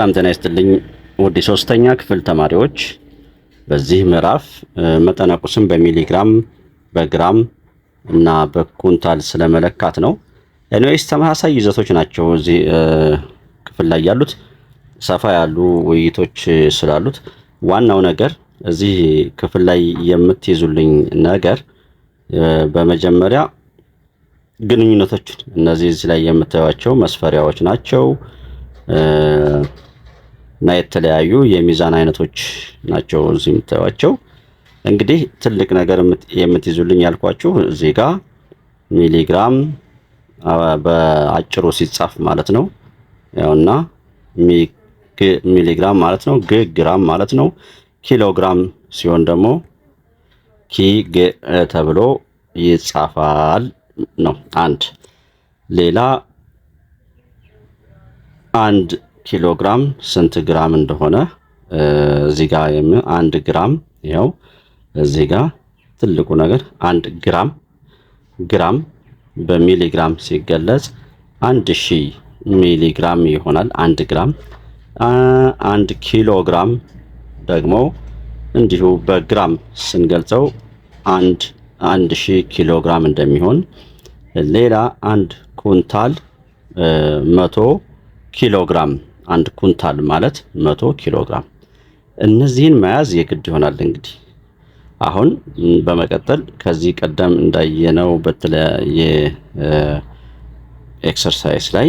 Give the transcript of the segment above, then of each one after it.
ሰላም ጤና ይስጥልኝ ውድ ሶስተኛ ክፍል ተማሪዎች፣ በዚህ ምዕራፍ መጠነ ቁስን በሚሊግራም በግራም እና በኩንታል ስለመለካት ነው። ኤንዌይስ ተመሳሳይ ይዘቶች ናቸው እዚህ ክፍል ላይ ያሉት ሰፋ ያሉ ውይይቶች ስላሉት ዋናው ነገር እዚህ ክፍል ላይ የምትይዙልኝ ነገር በመጀመሪያ ግንኙነቶችን እነዚህ እዚህ ላይ የምታዩቸው መስፈሪያዎች ናቸው። እና የተለያዩ የሚዛን አይነቶች ናቸው እዚህ የምታዩቸው። እንግዲህ ትልቅ ነገር የምትይዙልኝ ያልኳችሁ እዚህ ጋ ሚሊግራም በአጭሩ ሲጻፍ ማለት ነው። ያውና ሚሊግራም ማለት ነው፣ ግ ግራም ማለት ነው። ኪሎግራም ሲሆን ደግሞ ኪ ግ ተብሎ ይጻፋል ነው። አንድ ሌላ አንድ ኪሎ ግራም ስንት ግራም እንደሆነ እዚህ ጋር አንድ ግራም ይኸው እዚህ ጋር ትልቁ ነገር አንድ ግራም ግራም በሚሊግራም ሲገለጽ አንድ ሺህ ሚሊግራም ይሆናል። አንድ ግራም አንድ ኪሎ ግራም ደግሞ እንዲሁ በግራም ስንገልጸው አንድ አንድ ሺህ ኪሎ ግራም እንደሚሆን ሌላ አንድ ኩንታል መቶ ኪሎ ግራም አንድ ኩንታል ማለት መቶ ኪሎ ግራም። እነዚህን መያዝ የግድ ይሆናል። እንግዲህ አሁን በመቀጠል ከዚህ ቀደም እንዳየነው በተለያየ ኤክሰርሳይዝ ላይ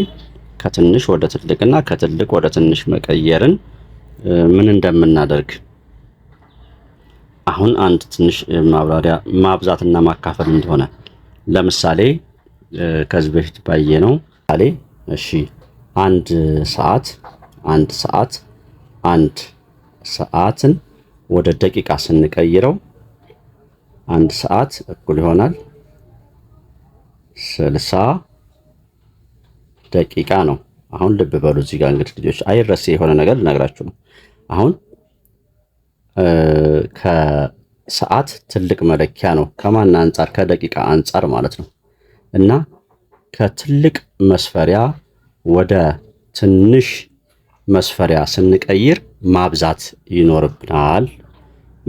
ከትንሽ ወደ ትልቅና ከትልቅ ወደ ትንሽ መቀየርን ምን እንደምናደርግ አሁን አንድ ትንሽ ማብራሪያ ማብዛትና ማካፈል እንደሆነ ለምሳሌ ከዚህ በፊት ባየነው ምሳሌ እሺ አንድ ሰዓት አንድ ሰዓት አንድ ሰዓትን ወደ ደቂቃ ስንቀይረው አንድ ሰዓት እኩል ይሆናል ስልሳ ደቂቃ ነው። አሁን ልብ በሉ እዚህ ጋር እንግዲህ ልጆች አይረሴ የሆነ ነገር ልነግራችሁ ነው። አሁን ከሰዓት ትልቅ መለኪያ ነው። ከማን አንጻር? ከደቂቃ አንጻር ማለት ነው። እና ከትልቅ መስፈሪያ ወደ ትንሽ መስፈሪያ ስንቀይር ማብዛት ይኖርብናል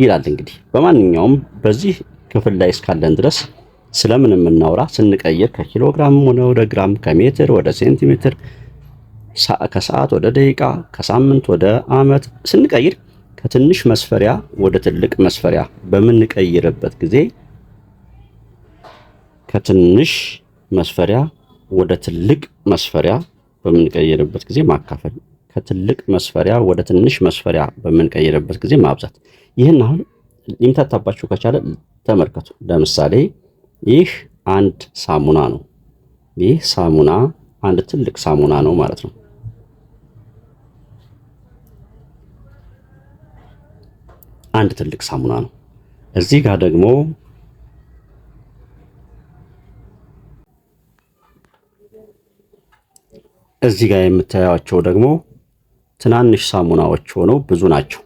ይላል። እንግዲህ በማንኛውም በዚህ ክፍል ላይ እስካለን ድረስ ስለምን የምናውራ ስንቀይር ከኪሎግራም ሆነ ወደ ግራም፣ ከሜትር ወደ ሴንቲሜትር፣ ከሰዓት ወደ ደቂቃ፣ ከሳምንት ወደ ዓመት ስንቀይር ከትንሽ መስፈሪያ ወደ ትልቅ መስፈሪያ በምንቀይርበት ጊዜ ከትንሽ መስፈሪያ ወደ ትልቅ መስፈሪያ በምንቀይርበት ጊዜ ማካፈል ከትልቅ መስፈሪያ ወደ ትንሽ መስፈሪያ በምንቀይርበት ጊዜ ማብዛት። ይህን አሁን ሊምታታባችሁ ከቻለ ተመልከቱ። ለምሳሌ ይህ አንድ ሳሙና ነው። ይህ ሳሙና አንድ ትልቅ ሳሙና ነው ማለት ነው። አንድ ትልቅ ሳሙና ነው። እዚህ ጋር ደግሞ እዚህ ጋር የምታዩቸው ደግሞ ትናንሽ ሳሙናዎች ሆነው ብዙ ናቸው።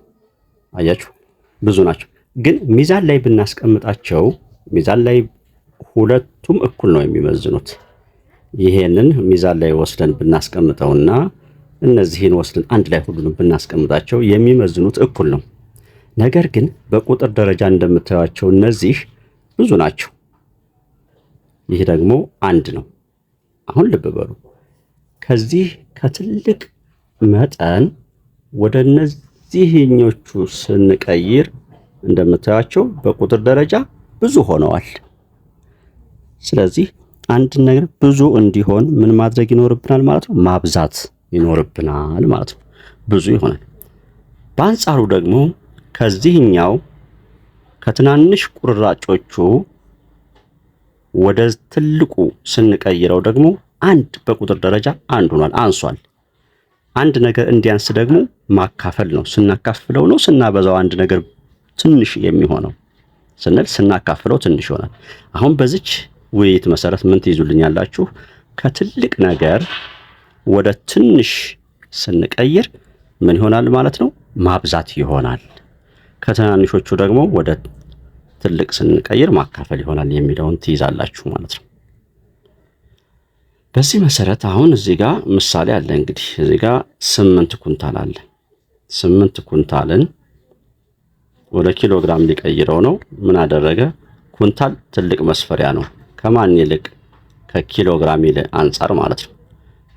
አያችሁ፣ ብዙ ናቸው። ግን ሚዛን ላይ ብናስቀምጣቸው ሚዛን ላይ ሁለቱም እኩል ነው የሚመዝኑት። ይሄንን ሚዛን ላይ ወስደን ብናስቀምጠውና እነዚህን ወስደን አንድ ላይ ሁሉንም ብናስቀምጣቸው የሚመዝኑት እኩል ነው። ነገር ግን በቁጥር ደረጃ እንደምታዩቸው እነዚህ ብዙ ናቸው። ይህ ደግሞ አንድ ነው። አሁን ልብ በሉ ከዚህ ከትልቅ መጠን ወደ እነዚህኞቹ ስንቀይር እንደምታያቸው በቁጥር ደረጃ ብዙ ሆነዋል። ስለዚህ አንድ ነገር ብዙ እንዲሆን ምን ማድረግ ይኖርብናል ማለት ነው? ማብዛት ይኖርብናል ማለት ነው። ብዙ ይሆናል። በአንጻሩ ደግሞ ከዚህኛው ከትናንሽ ቁርራጮቹ ወደ ትልቁ ስንቀይረው ደግሞ አንድ በቁጥር ደረጃ አንድ ሆኗል፣ አንሷል። አንድ ነገር እንዲያንስ ደግሞ ማካፈል ነው። ስናካፍለው ነው ስናበዛው አንድ ነገር ትንሽ የሚሆነው ስንል ስናካፍለው ትንሽ ይሆናል። አሁን በዚች ውይይት መሰረት ምን ትይዙልኛላችሁ? ከትልቅ ነገር ወደ ትንሽ ስንቀይር ምን ይሆናል ማለት ነው? ማብዛት ይሆናል። ከትናንሾቹ ደግሞ ወደ ትልቅ ስንቀይር ማካፈል ይሆናል የሚለውን ትይዛላችሁ ማለት ነው። በዚህ መሰረት አሁን እዚህ ጋር ምሳሌ አለ። እንግዲህ እዚህ ጋር ስምንት ኩንታል አለ። ስምንት ኩንታልን ወደ ኪሎ ግራም ሊቀይረው ነው። ምን አደረገ? ኩንታል ትልቅ መስፈሪያ ነው። ከማን ይልቅ? ከኪሎ ግራም ይልቅ አንጻር ማለት ነው።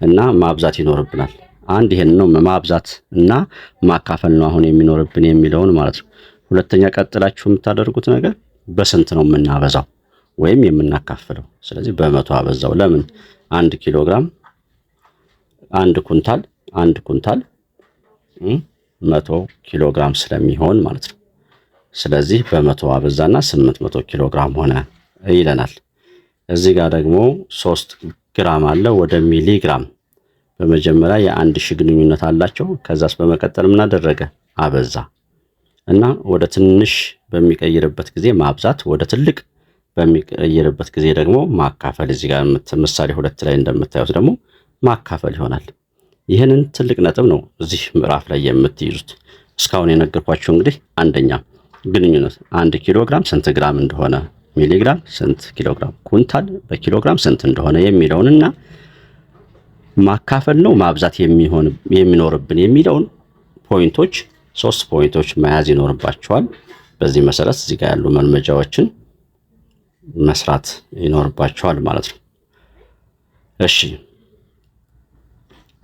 እና ማብዛት ይኖርብናል። አንድ ይሄን ነው ማብዛት እና ማካፈል ነው አሁን የሚኖርብን የሚለውን ማለት ነው። ሁለተኛ ቀጥላችሁ የምታደርጉት ነገር በስንት ነው የምናበዛው ወይም የምናካፍለው? ስለዚህ በመቶ አበዛው። ለምን አንድ ኪሎ ግራም አንድ ኩንታል አንድ ኩንታል መቶ ኪሎ ግራም ስለሚሆን ማለት ነው። ስለዚህ በመቶ አበዛና ስምንት መቶ ኪሎ ግራም ሆነ ይለናል። እዚህ ጋር ደግሞ ሶስት ግራም አለ ወደ ሚሊ ግራም በመጀመሪያ የአንድ ሺህ ግንኙነት አላቸው። ከዛስ በመቀጠል ምን አደረገ? አበዛ እና ወደ ትንሽ በሚቀይርበት ጊዜ ማብዛት ወደ ትልቅ በሚቀየርበት ጊዜ ደግሞ ማካፈል እዚህ ጋር ምሳሌ ሁለት ላይ እንደምታዩት ደግሞ ማካፈል ይሆናል። ይህንን ትልቅ ነጥብ ነው እዚህ ምዕራፍ ላይ የምትይዙት። እስካሁን የነገርኳችሁ እንግዲህ አንደኛ ግንኙነት አንድ ኪሎ ግራም ስንት ግራም እንደሆነ፣ ሚሊግራም ስንት ኪሎ ግራም፣ ኩንታል በኪሎግራም ስንት እንደሆነ የሚለውን እና ማካፈል ነው ማብዛት የሚኖርብን የሚለውን ፖይንቶች ሶስት ፖይንቶች መያዝ ይኖርባቸዋል። በዚህ መሰረት እዚህ ጋር ያሉ መልመጃዎችን መስራት ይኖርባቸዋል ማለት ነው። እሺ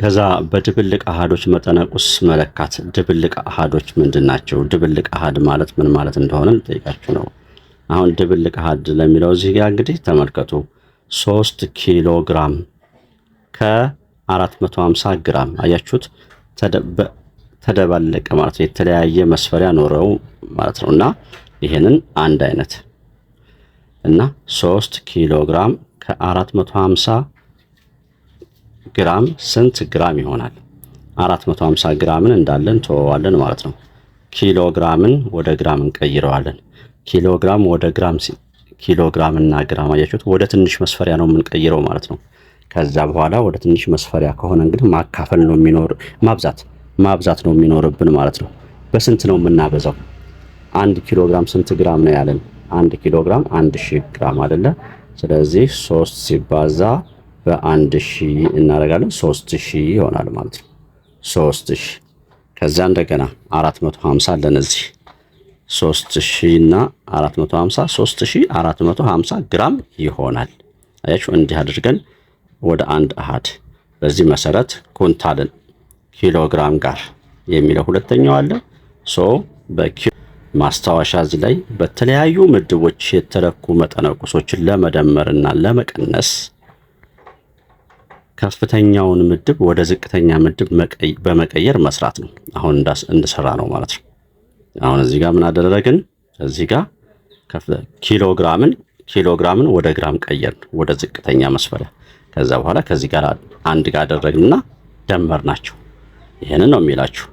ከዛ በድብልቅ አሃዶች መጠነ ቁስ መለካት። ድብልቅ አሃዶች ምንድን ናቸው? ድብልቅ አሃድ ማለት ምን ማለት እንደሆነ ልጠይቃችሁ ነው። አሁን ድብልቅ አሃድ ለሚለው እዚህ ጋር እንግዲህ ተመልከቱ ሶስት ኪሎ ግራም ከ450 ግራም አያችሁት፣ ተደባለቀ ማለት ነው። የተለያየ መስፈሪያ ኖረው ማለት ነው እና ይህንን አንድ አይነት እና 3 ኪሎ ግራም ከ450 ግራም ስንት ግራም ይሆናል? 450 ግራምን እንዳለን ተወዋለን ማለት ነው። ኪሎ ግራምን ወደ ግራም እንቀይረዋለን። ኪሎ ግራም ወደ ግራም ኪሎ ግራም እና ግራም አያችሁት፣ ወደ ትንሽ መስፈሪያ ነው የምንቀይረው ማለት ነው። ከዛ በኋላ ወደ ትንሽ መስፈሪያ ከሆነ እንግዲህ ማካፈል ነው የሚኖር ማብዛት ማብዛት ነው የሚኖርብን ማለት ነው። በስንት ነው የምናበዛው? አንድ ኪሎ ግራም ስንት ግራም ነው ያለን? አንድ ኪሎ ግራም አንድ ሺ ግራም አይደለ? ስለዚህ ሶስት ሲባዛ በአንድ ሺህ እናደርጋለን። ሶስት ሺህ ይሆናል ማለት ነው። ሶስት ሺ ከዛ እንደገና አራት መቶ ሀምሳ ለነዚህ ሶስት ሺ እና አራት መቶ ሀምሳ ሶስት ሺ አራት መቶ ሀምሳ ግራም ይሆናል። አያችሁ እንዲህ አድርገን ወደ አንድ አሃድ በዚህ መሰረት ኩንታልን ኪሎ ግራም ጋር የሚለው ሁለተኛው አለ ሶ በኪ ማስታወሻ እዚህ ላይ በተለያዩ ምድቦች የተለኩ መጠነ ቁሶችን ለመደመርና ለመቀነስ ከፍተኛውን ምድብ ወደ ዝቅተኛ ምድብ በመቀየር መስራት ነው። አሁን እንደሰራ ነው ማለት ነው። አሁን እዚህ ጋር ምን አደረግን? እዚህ ጋር ኪሎግራምን ኪሎግራምን ወደ ግራም ቀየርን፣ ወደ ዝቅተኛ መስፈሪያ። ከዛ በኋላ ከዚህ ጋር አንድ ጋር አደረግንና ደመር ናቸው። ይህንን ነው የሚላችሁ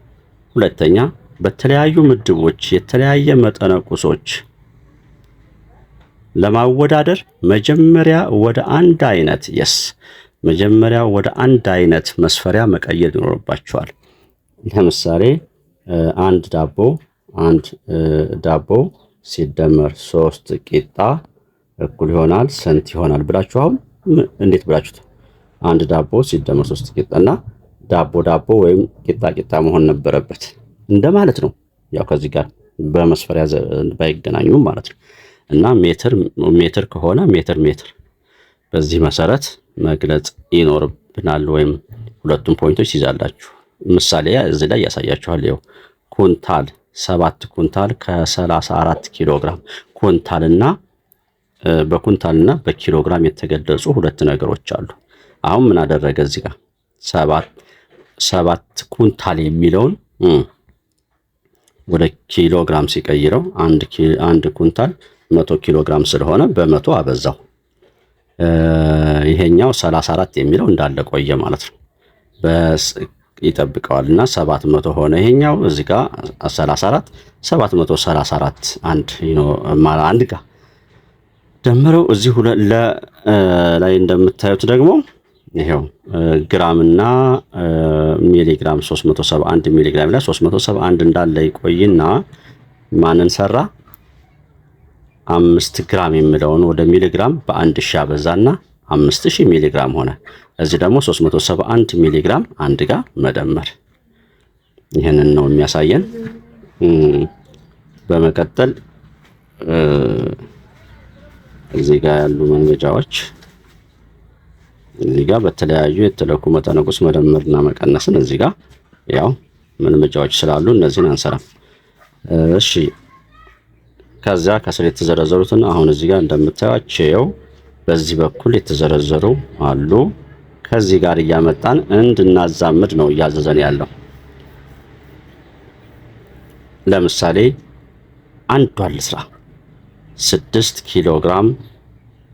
ሁለተኛ በተለያዩ ምድቦች የተለያየ መጠነ ቁሶች ለማወዳደር መጀመሪያ ወደ አንድ አይነት የስ መጀመሪያ ወደ አንድ አይነት መስፈሪያ መቀየር ይኖርባቸዋል። ለምሳሌ አንድ ዳቦ አንድ ዳቦ ሲደመር ሶስት ቂጣ እኩል ይሆናል ስንት ይሆናል ብላችሁ አሁን እንዴት ብላችሁት አንድ ዳቦ ሲደመር ሶስት ቂጣ እና ዳቦ ዳቦ ወይም ቂጣ ቂጣ መሆን ነበረበት። እንደማለት ነው። ያው ከዚህ ጋር በመስፈሪያ ባይገናኙም ማለት ነው እና ሜትር ሜትር ከሆነ ሜትር ሜትር በዚህ መሰረት መግለጽ ይኖርብናል። ወይም ሁለቱም ፖይንቶች ይዛላችሁ። ምሳሌ እዚህ ላይ ያሳያችኋል። ይኸው ኩንታል ሰባት ኩንታል ከሰላሳ አራት ኪሎ ግራም ኩንታልና በኩንታልና በኪሎ ግራም የተገለጹ ሁለት ነገሮች አሉ። አሁን ምን አደረገ እዚህ ጋር ሰባት ሰባት ኩንታል የሚለውን ወደ ኪሎ ግራም ሲቀይረው አንድ አንድ ኩንታል መቶ ኪሎ ግራም ስለሆነ በመቶ አበዛው። ይሄኛው 34 የሚለው እንዳለ ቆየ ማለት ነው። ይጠብቀዋል 700 ሆነ። ይሄኛው እዚህ ጋር 34 734 አንድ ነው ማለት አንድ ጋር ደምረው እዚህ ላይ እንደምታዩት ደግሞ ይሄው ግራምና ሚሊግራም 371 ሚሊግራም ላይ 371 እንዳለ ይቆይና ማንን ሰራ? አምስት ግራም የሚለውን ወደ ሚሊግራም በአንድ ሺህ አበዛና አምስት ሺህ ሚሊግራም ሆነ። እዚህ ደግሞ 371 ሚሊግራም አንድ ጋር መደመር ይህንን ነው የሚያሳየን። በመቀጠል እዚህ ጋር ያሉ መንገጃዎች እዚህ ጋር በተለያዩ የተለኩ መጠነቁስ መደመርና መቀነስን እዚህ ጋር ያው መልመጃዎች ስላሉ እነዚህን አንሰራም። እሺ ከዚያ ከስር የተዘረዘሩትን አሁን እዚህ ጋር እንደምታያቸው በዚህ በኩል የተዘረዘሩ አሉ። ከዚህ ጋር እያመጣን እንድናዛምድ ነው እያዘዘን ያለው። ለምሳሌ አንዷን ልስራ። ስድስት ኪሎ ግራም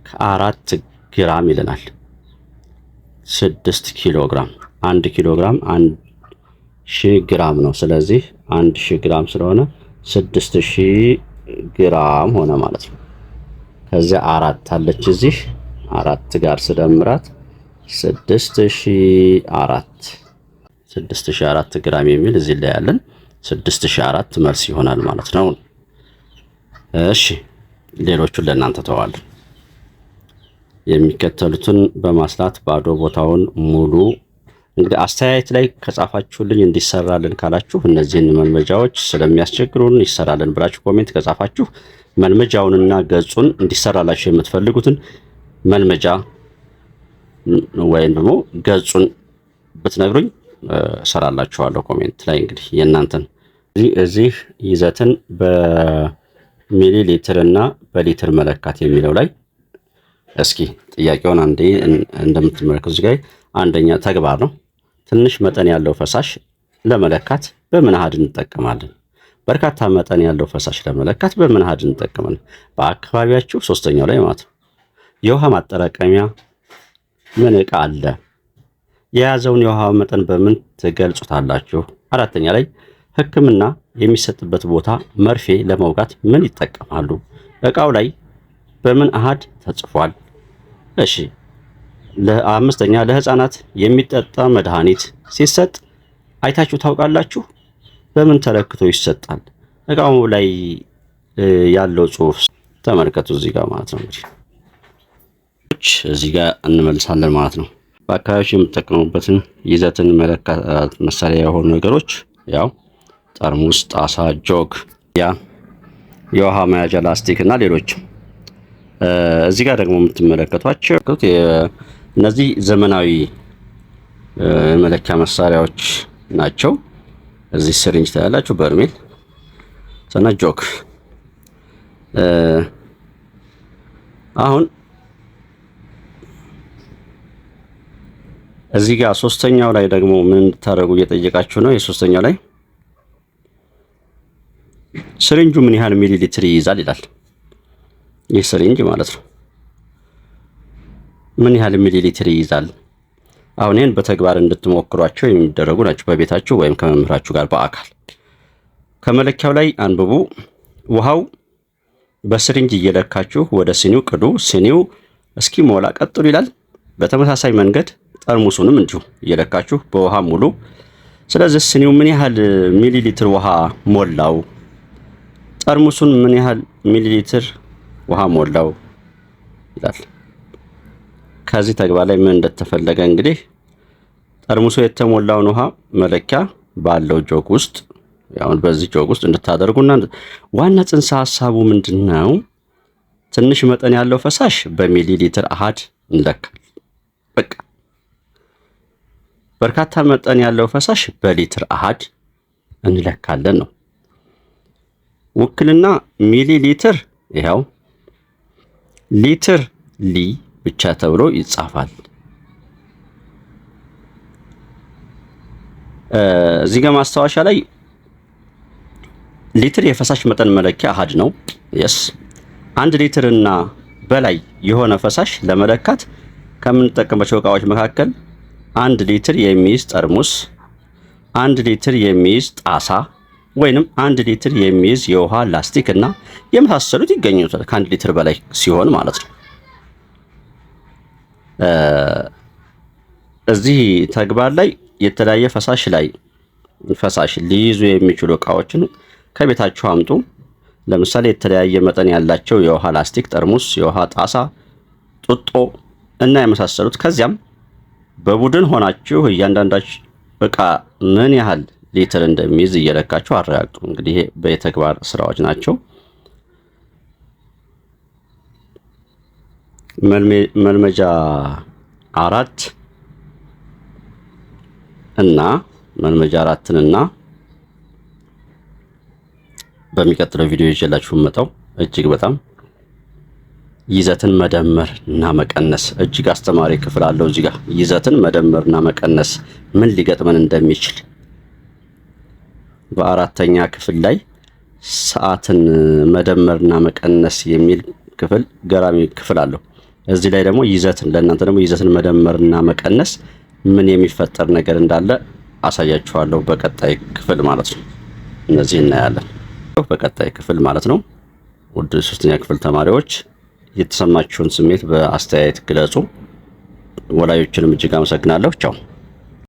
ከአራት ግራም ይለናል። ስድስት ኪሎ ግራም አንድ ኪሎ ግራም አንድ ሺህ ግራም ነው። ስለዚህ አንድ ሺህ ግራም ስለሆነ ስድስት ሺህ ግራም ሆነ ማለት ነው። ከዚያ አራት አለች እዚህ አራት ጋር ስደምራት ስድስት ሺህ አራት ስድስት ሺህ አራት ግራም የሚል እዚህ ላይ ያለን ስድስት ሺህ አራት መልስ ይሆናል ማለት ነው። እሺ ሌሎቹን ለእናንተ ተዋል። የሚከተሉትን በማስላት ባዶ ቦታውን ሙሉ። እንግዲህ አስተያየት ላይ ከጻፋችሁልኝ እንዲሰራልን ካላችሁ እነዚህን መልመጃዎች ስለሚያስቸግሩን ይሰራልን ብላችሁ ኮሜንት ከጻፋችሁ መልመጃውንና ገጹን እንዲሰራላችሁ የምትፈልጉትን መልመጃ ወይም ደግሞ ገጹን ብትነግሩኝ እሰራላችኋለሁ። ኮሜንት ላይ እንግዲህ የእናንተን እዚህ ይዘትን በሚሊ ሊትር እና በሊትር መለካት የሚለው ላይ እስኪ ጥያቄውን አንዴ እንደምትመለከቱ እዚህ ጋር አንደኛ ተግባር ነው። ትንሽ መጠን ያለው ፈሳሽ ለመለካት በምን አሃድ እንጠቀማለን? በርካታ መጠን ያለው ፈሳሽ ለመለካት በምን አሃድ እንጠቀማለን? በአካባቢያችሁ ሶስተኛው ላይ ማለት ነው። የውሃ ማጠራቀሚያ ምን ዕቃ አለ? የያዘውን የውሃ መጠን በምን ትገልጹታላችሁ? አራተኛ ላይ ሕክምና የሚሰጥበት ቦታ መርፌ ለመውጋት ምን ይጠቀማሉ? እቃው ላይ በምን አሃድ ተጽፏል? እሺ ለአምስተኛ ለህፃናት የሚጠጣ መድኃኒት ሲሰጥ አይታችሁ ታውቃላችሁ? በምን ተለክቶ ይሰጣል? እቃሙ ላይ ያለው ጽሁፍ ተመልከቱ። እዚህ ጋር ማለት ነው እንግዲህ እዚህ ጋር እንመልሳለን ማለት ነው። በአካባቢዎች የምጠቀሙበትን ይዘትን መለካት መሳሪያ የሆኑ ነገሮች ያው ጠርሙስ፣ ጣሳ፣ ጆግ፣ ያ የውሃ መያዣ ላስቲክ እና ሌሎችም እዚህ ጋር ደግሞ የምትመለከቷቸው እነዚህ ዘመናዊ የመለኪያ መሳሪያዎች ናቸው። እዚህ ስሪንጅ ታያላችሁ፣ በርሜል ሰና ጆክ። አሁን እዚህ ጋር ሶስተኛው ላይ ደግሞ ምን እንድታደርጉ እየጠየቃችሁ ነው። የሶስተኛው ላይ ስሪንጁ ምን ያህል ሚሊ ሊትር ይይዛል ይላል። ይህ ስሪንጅ ማለት ነው። ምን ያህል ሚሊሊትር ይይዛል? አሁን ይህን በተግባር እንድትሞክሯቸው የሚደረጉ ናቸው። በቤታችሁ ወይም ከመምህራችሁ ጋር በአካል ከመለኪያው ላይ አንብቡ። ውሃው በስሪንጅ እየለካችሁ ወደ ሲኒው ቅዱ። ሲኒው ሞላ ቀጥሉ ይላል። በተመሳሳይ መንገድ ጠርሙሱንም እንዲሁ እየለካችሁ በውሃ ሙሉ። ስለዚህ ስኒው ምን ያህል ሚሊ ሊትር ውሃ ሞላው? ጠርሙሱን ምን ያህል ሚሊሊትር? ውሃ ሞላው ይላል። ከዚህ ተግባር ላይ ምን እንደተፈለገ እንግዲህ ጠርሙሶ የተሞላውን ውሃ መለኪያ ባለው ጆግ ውስጥ አሁን በዚህ ጆግ ውስጥ እንድታደርጉና ዋና ጽንሰ ሀሳቡ ምንድን ነው? ትንሽ መጠን ያለው ፈሳሽ በሚሊ ሊትር አሃድ እንለካል። በቃ በርካታ መጠን ያለው ፈሳሽ በሊትር አሃድ እንለካለን ነው። ውክልና ሚሊ ሊትር ይኸው ሊትር ሊ ብቻ ተብሎ ይጻፋል። እዚህ ጋር ማስታወሻ ላይ ሊትር የፈሳሽ መጠን መለኪያ አሃድ ነው። የስ አንድ ሊትር እና በላይ የሆነ ፈሳሽ ለመለካት ከምንጠቀምባቸው እቃዎች መካከል አንድ ሊትር የሚይዝ ጠርሙስ፣ አንድ ሊትር የሚይዝ ጣሳ ወይንም አንድ ሊትር የሚይዝ የውሃ ላስቲክ እና የመሳሰሉት ይገኙታል። ከአንድ ሊትር በላይ ሲሆን ማለት ነው። እዚህ ተግባር ላይ የተለያየ ፈሳሽ ላይ ፈሳሽ ሊይዙ የሚችሉ እቃዎችን ከቤታችሁ አምጡ። ለምሳሌ የተለያየ መጠን ያላቸው የውሃ ላስቲክ ጠርሙስ፣ የውሃ ጣሳ፣ ጡጦ እና የመሳሰሉት ከዚያም በቡድን ሆናችሁ እያንዳንዳችሁ እቃ ምን ያህል ሊትር እንደሚይዝ እየለካችሁ አረጋግጡ። እንግዲህ ይሄ በተግባር ስራዎች ናቸው። መልመጃ አራት እና መልመጃ አራትንና በሚቀጥለው ቪዲዮ ይዤላችሁ መጣው። እጅግ በጣም ይዘትን መደመር እና መቀነስ እጅግ አስተማሪ ክፍል አለው። እዚህ ጋር ይዘትን መደመር እና መቀነስ ምን ሊገጥመን እንደሚችል በአራተኛ ክፍል ላይ ሰዓትን መደመርና መቀነስ የሚል ክፍል ገራሚ ክፍል አለው። እዚህ ላይ ደግሞ ይዘትን ለእናንተ ደግሞ ይዘትን መደመርና መቀነስ ምን የሚፈጠር ነገር እንዳለ አሳያችኋለሁ በቀጣይ ክፍል ማለት ነው። እነዚህ እናያለን በቀጣይ ክፍል ማለት ነው። ውድ ሶስተኛ ክፍል ተማሪዎች የተሰማችሁን ስሜት በአስተያየት ግለጹ። ወላጆችንም እጅግ አመሰግናለሁ። ቻው